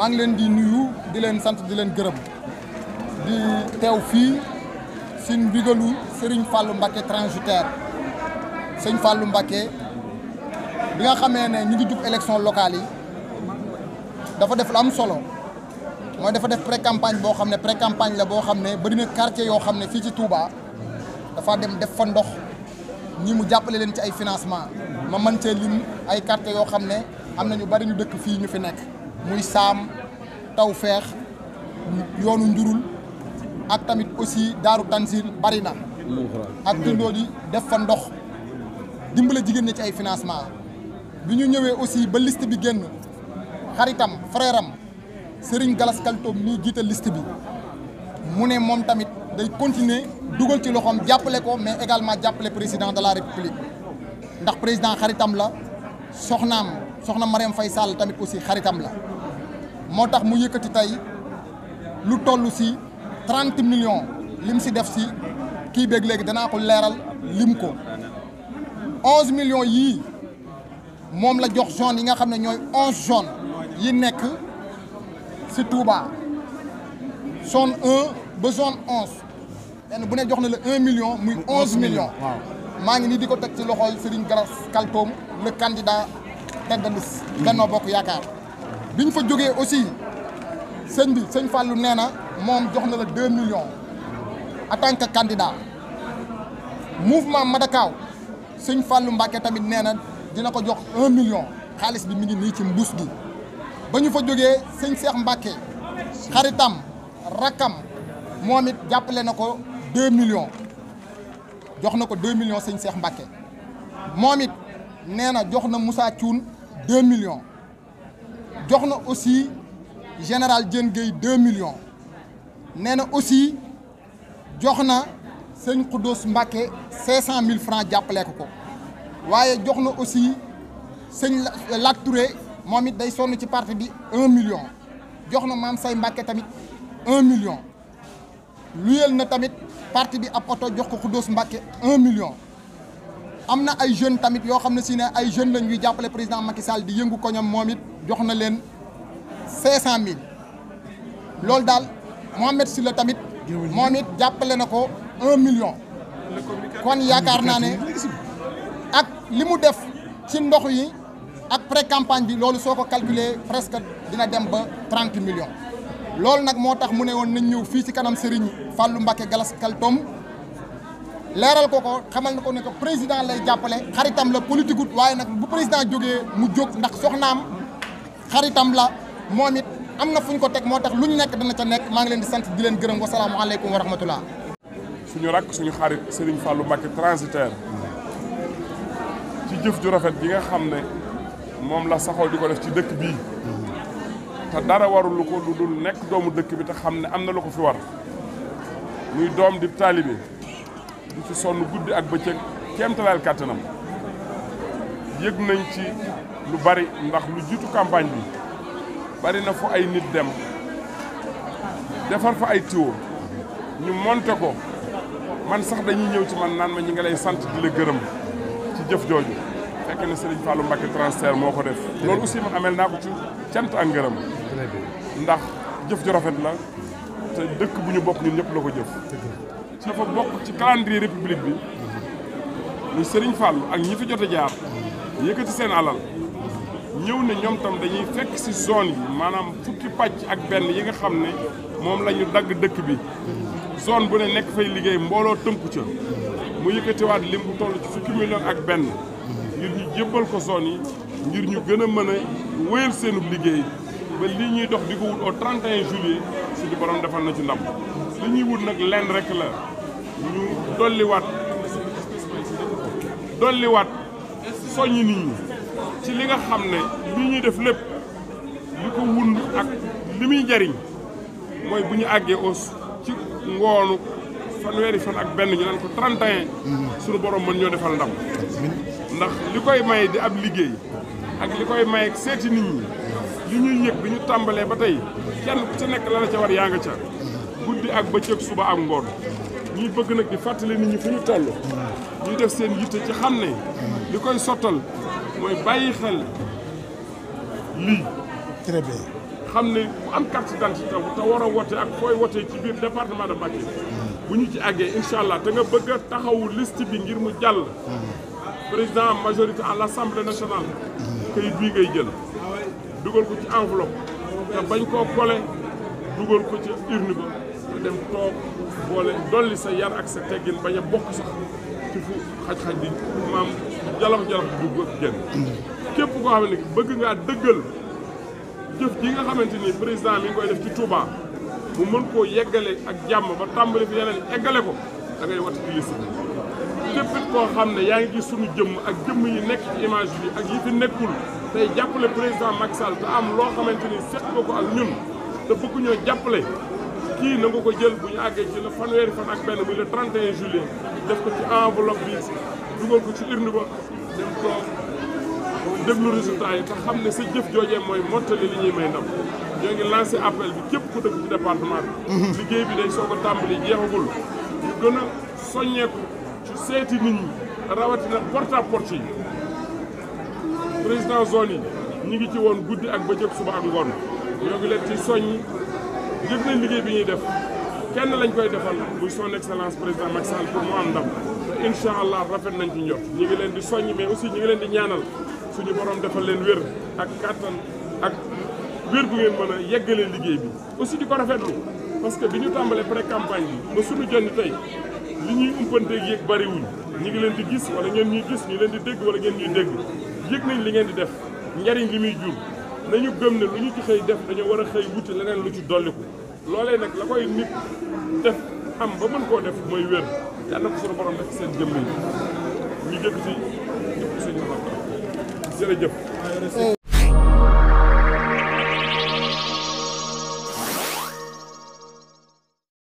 maa ngi leen di nuyu di leen sant di leen gërëm di teew fii si ndigalu Serigne Fallou Mbacké transitaire sëñ Fallou Mbacké bi nga xamee ne ñu ngi jub élection locale yi dafa def lu am solo mooy dafa def pré-campagne boo xam ne pré-campagne la boo xam ne bari na quartier yoo xam ne fii ci Touba dafa dem def fa ndox ñi mu jàppale leen ci ay financement ma mën cee lim ay quartier yoo xam ne am na ñu bari ñu dëkk fii ñu fi nekk muy saam taw feex yoonu njurul ak tamit aussi daaru tansil bari na ak tundoo di def fa ndox dimbale jigéen ñi ci ay financement bi ñu ñëwee aussi ba liste bi génn xaritam frère am Serigne Galas Kaltoom mii bi mu ne moom tamit day continuer dugal ci loxoom jàppale ko mais également jàppale président de la république ndax président xaritam la soxnaam soxna Mariam fay Sall tamit aussi xaritam la moo tax mu yëkkati tey lu toll si trente million lim si def si kii beeg léegi danaa ko leeral lim ko onze millions yii moom la jox zone yi nga xam ne ñooy onze zone yi nekk si Touba zone un ba zone onze benn bu ne jox na la un million muy onze million maa ngi nii di ko teg ci loxol Serigne Gallas Kaltoum le candidat tête de liste Benno Bokk Yaakaar bi ñu fa jógee aussi sëñ bi sëñ Fallou nee na moom jox na la million millions en tant que candidat mouvement Madakaw sëñ Fallou Mbacké tamit nee na dina ko jox un million xaalis bi mi ngi nii ci mbuus gi ba ñu fa jógee sëñ seex Mbacké xaritam rakkam moom it jàppale na ko million jox na ko deux millions sëñ Cheikh Mbacké moom it nee na jox na Moussa Thioune million jox na aussi général Diène Gueye deux millions nee na aussi jox na sëñ Khoudous Mbacké cinq cent mille francs jàppale ko ko waaye jox na aussi sëñ Lat ture moom it day sonn ci parti bi un million jox na maam say Mbacké tamit un million luyeel na tamit parti bi ab oto jox ko Khoudous Mbacké un million am na ay jeunes tamit yoo xam ne si ne ay jeunes lañ ñuy jàppale président Macky di yëngu ko ñoom moom it jox na leen cinq cent mille loolu daal Mohamed Sylla tamit moom it jàppale na ko un million kon yaakaar naa ne ak li mu def ci ndox yi ak pré campagne bi loolu soo ko calculer presque dina dem ba trente million loolu nag moo tax mu ne woon nañ ñëw fii ci kanam Serigne Fallou Mbacké Galas Kaltom leeral ko ko xamal na ko ne président lay jàppale xaritam la politique ut waaye nag bu président jógee mu jóg ndax soxnaam xaritam la moom it am na fuñ ko teg moo tax lu ñu nekk dana ca nekk maa ngi leen di sant di leen gërëm wasalaamualeykum wa rahmatullah suñu rakk suñu xarit Serigne Fallou Mbacké transitaire ci jëf ju rafet bi nga xam ne moom la saxoo di ko def ci dëkk bii te dara warul ko lu dul nekk doomu dëkk bi te xam ne am na lu ko fi war muy doom di taalibe di ci sonn guddi ak bëccëg kéemtalaal kàttanam yëg nañ ci lu bari ndax lu jiitu campagne bi bari na fu ay nit dem defar fa ay tuyaux ñu monter ko man sax dañuy ñëw ci man naan ma ñi nga lay sant di la gërëm ci jëf jooju fekk na Serigne Fallou Mbacké transfert moo ko def loolu aussi ma amel naa ko ci cant ak ngërëm ndax jëf ju rafet la te dëkk bu ñu bokk ñu ñëpp la ko jëf ci dafa bokk ci calendrier république bi ñu Serigne Fallou ak ñi fi jot a jaar yëkkati seen alal ñëw ne ñoom tam dañuy fekk ci zone yi maanaam fukki pàcc ak benn yi nga xam ne moom la ñu dagg dëkk bi sone bu ne nekk fay liggéey mbooloo tënku ca mu yëkkatiwaat lim bu toll ci fukki million ak benn ngir ñu jébbal ko zone yi ngir ñu gën a mën a wéyal seenub liggéey ba lii ñuy dox di ko wut au 31 juillet suñu borom defal na ci ndam li ñuy wut nag lenn rek la ñu dolliwaat dolliwaat soññi nit ñi li nga xam ne li ñuy def lépp li ko wund ak li muy jariñ mooy bu ñu àggee aus ci ngoonu fanweeri fan ak benn ñu naan ko 31. Mm-hmm. borom mën ñoo defal ndam. ndax li koy may di ab liggéey ak li koy may seeti nit ñi li ñuy yëg bi ñu tàmbalee ba tey kenn ku ca nekk la la ca war yaa nga ca guddi ak bëccëg suba ak ngoon ñuy bëgg nag di fàttali nit ñi fu ñu toll mm-hmm. ñuy def seen yitte ci xam ne li koy sottal mooy bàyyi xel lii. très bien. xam ne bu am carte d'identité te war a wote ak fooy wotee ci biir département de Mbacké. bu ñu ci àggee incha allah te nga bëgg a taxawu liste bi ngir mu jàll. président majorité à l' assemblée nationale. këyit bii ngay jël. dugal ko ci enveloppe. te bañ koo kole dugal ko ci urne ba nga dem toog boole dolli sa yar ak sa teggin bañ a bokk sax ci fu xaj-xaj di maam. jalof-jalof bu génn képp koo xam ne bëgg ngaa dëggal jëf ji nga xamante ni président mi ngi koy def ci Touba mu mën koo yeggale ak jàmm ba tàmbali fi yeneen eggale ko da ngay wat ci liste képp it koo xam ne yaa ngi gis sunu jëmm ak jëmm yi nekk ci image bi ak yi fi nekkul tey le président Macky Sall te am loo xamante ni seq ko ak ñun te bëgg ñoo jàppale kii na nga ko jël bu ñu àggee ci le fanweeri fan ak benn muy le 31 juillet def ko ci enveloppe bi dugal ci urne ba dem toog déglu résultat yi xam ne si jëf joojee mooy mottali li ñuy may ndam ñoo ngi lancé appel bi képp ku dëkk ci département bi liggéey bi day soo ko tàmbali jeexagul ñu soññeeku ci seeti nit ñi rawatina porte à président zone yi ñi ngi ci woon guddi ak bëccëg suba ak ngoon ñoo ngi leen ci soññi yëg nañ liggéey bi ñuy def kenn lañ koy defal muy son excellence président Macky Sall pour mu am ndam incha allah rafet nañ ci njot leen di soññ mais aussi ñi ngi leen di ñaanal suñu borom defal leen wér ak kàttan ak wér bu ngeen mën a yeggalee liggéey bi aussi di ko rafetlu parce que bi ñu tàmbalee pré campagne bi ba suñu jonni tey li ñuy umpanteeg yéeg bariwuñ ñi ngi leen di gis wala ngeen ñuy gis ñu leen di dégg wala ngeen ñuy dégg yëg nañ li ngeen di def njariñ li muy jur nañu gëm ne lu ñu ci xëy def dañoo war a xëy wuti leneen lu ci dolliku loolee nag la koy nit def am ba mën koo def mooy wér yàlla na ko suñu borom def seen jëmm yi ñu jëkk ci jëpp suñu borom jërëjëf